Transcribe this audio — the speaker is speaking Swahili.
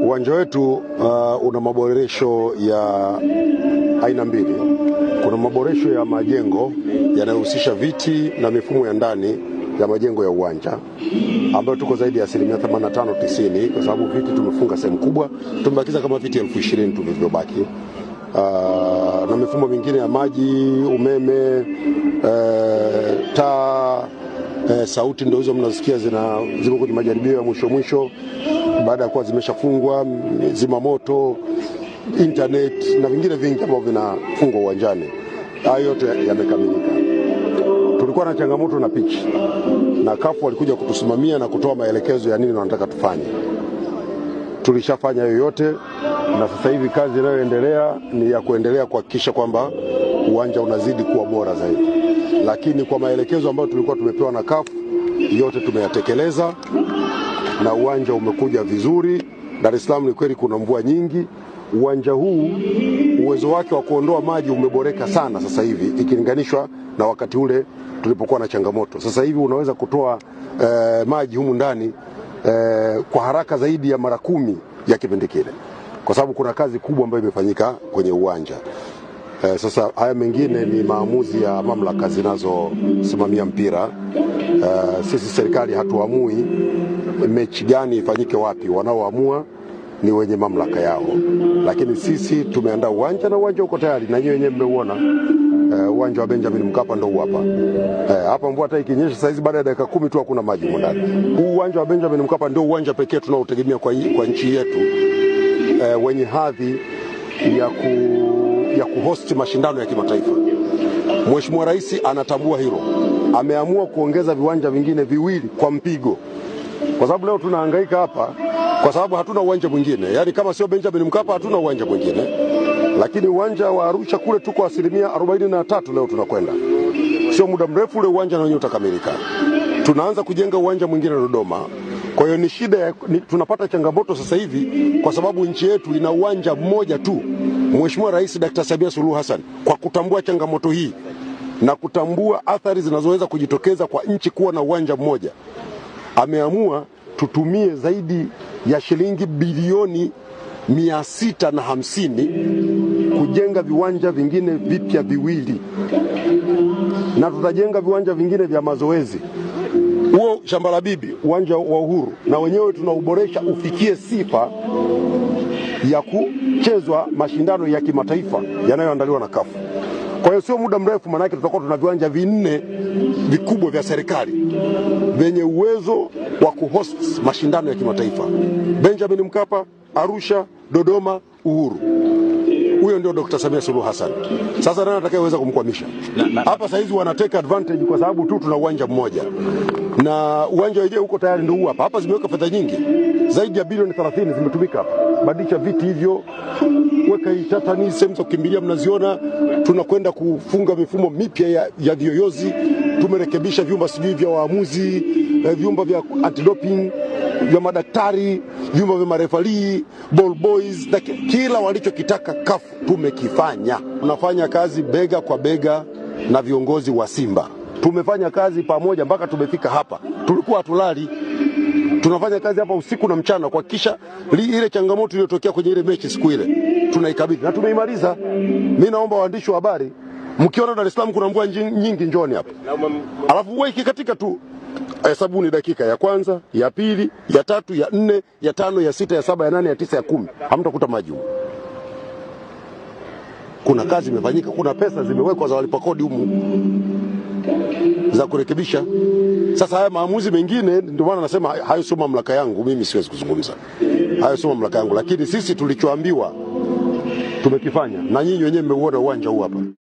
Uwanja wetu uh, una maboresho ya aina mbili. Kuna maboresho ya majengo yanayohusisha viti na mifumo ya ndani ya majengo ya uwanja ambayo tuko zaidi ya asilimia 85 90, kwa sababu viti tumefunga sehemu kubwa, tumebakiza kama viti elfu ishirini tu vilivyobaki, uh, na mifumo mingine ya maji, umeme, uh, taa, uh, sauti, ndio hizo mnazosikia zina ziko kwenye majaribio ya mwisho mwisho baada ya kuwa zimeshafungwa, zimamoto, internet na vingine vingi ambavyo vinafungwa uwanjani. Hayo yote yamekamilika. Tulikuwa na changamoto na pichi, na kafu walikuja kutusimamia na kutoa maelekezo ya nini wanataka tufanye. Tulishafanya yoyote, na sasa hivi kazi inayoendelea ni ya kuendelea kuhakikisha kwamba uwanja unazidi kuwa bora zaidi, lakini kwa maelekezo ambayo tulikuwa tumepewa na kafu yote tumeyatekeleza na uwanja umekuja vizuri. Dar es Salaam ni kweli kuna mvua nyingi. Uwanja huu uwezo wake wa kuondoa maji umeboreka sana sasa hivi ikilinganishwa na wakati ule tulipokuwa na changamoto. Sasa hivi unaweza kutoa eh, maji humu ndani eh, kwa haraka zaidi ya mara kumi ya kipindi kile, kwa sababu kuna kazi kubwa ambayo imefanyika kwenye uwanja. Eh, sasa haya mengine ni maamuzi ya mamlaka zinazosimamia mpira. Eh, sisi serikali hatuamui mechi gani ifanyike wapi, wanaoamua ni wenye mamlaka yao, lakini sisi tumeandaa uwanja na uwanja uko tayari, na nyinyi wenyewe mmeuona eh, uwanja uh, wa Benjamin Mkapa ndo hapa uh, hapa. Mvua hata ikinyesha saa hizi, baada ya dakika kumi tu hakuna maji ndani. Huu uwanja wa Benjamin Mkapa ndio uwanja pekee tunaotegemea kwa, kwa nchi yetu uh, wenye hadhi ya, ku, ya kuhosti mashindano ya kimataifa. Mheshimiwa Rais anatambua hilo, ameamua kuongeza viwanja vingine viwili kwa mpigo kwa sababu leo tunahangaika hapa kwa sababu hatuna uwanja mwingine, yaani kama sio Benjamin Mkapa hatuna uwanja mwingine, lakini uwanja wa Arusha kule tuko asilimia arobaini na tatu leo tunakwenda. Sio muda mrefu ule uwanja na wenyewe utakamilika. Tunaanza kujenga uwanja mwingine Dodoma. Kwa hiyo ni shida, ni tunapata changamoto sasa hivi kwa sababu nchi yetu ina uwanja mmoja tu. Mheshimiwa Rais Dr. Samia Suluhu Hassan kwa kutambua changamoto hii na kutambua athari zinazoweza kujitokeza kwa nchi kuwa na uwanja mmoja ameamua tutumie zaidi ya shilingi bilioni mia sita na hamsini kujenga viwanja vingine vipya viwili na tutajenga viwanja vingine vya mazoezi. Huo shamba la bibi, uwanja wa Uhuru, na wenyewe tunauboresha ufikie sifa ya kuchezwa mashindano ya kimataifa yanayoandaliwa na kafu kwa hiyo sio muda mrefu, maanake tutakuwa tuna viwanja vinne vikubwa vya serikali vyenye uwezo wa kuhost mashindano ya kimataifa: Benjamin Mkapa, Arusha, Dodoma, Uhuru. Huyo ndio Dr. Samia Suluhu Hassan. Sasa nani atakayeweza kumkwamisha hapa? Saizi wanateka advantage kwa sababu tu tuna uwanja mmoja na uwanja wenyewe huko tayari ndio huu hapa hapa. Zimeweka fedha nyingi zaidi ya bilioni 30 zimetumika hapa badilisha viti hivyo, weka itatani, sehemu za kukimbilia mnaziona. Tunakwenda kufunga mifumo mipya ya, ya viyoyozi. Tumerekebisha vyumba sijui vya waamuzi, eh, vyumba vya antidoping vya madaktari, vyumba vya marefalii ball boys na kila walichokitaka kafu tumekifanya. Tunafanya kazi bega kwa bega na viongozi wa Simba, tumefanya kazi pamoja mpaka tumefika hapa, tulikuwa hatulali tunafanya kazi hapa usiku na mchana kuhakikisha ile changamoto iliyotokea kwenye ile mechi siku ile tunaikabidhi na tumeimaliza. Mimi naomba waandishi wa habari, mkiona Dar es Salaam kuna mvua nyingi, njoni hapa, alafu wewe ikikatika tu eh, ni dakika ya kwanza, ya pili, ya tatu, ya nne, ya tano, ya sita, ya saba, ya nane, ya tisa, ya kumi, hamtakuta maji. Kuna kazi imefanyika, kuna pesa zimewekwa za walipa kodi humu za kurekebisha. Sasa haya maamuzi mengine, ndio maana nasema hayo sio mamlaka yangu, mimi siwezi kuzungumza hayo, sio mamlaka yangu, lakini sisi tulichoambiwa tumekifanya, na nyinyi wenyewe mmeuona uwanja huu hapa.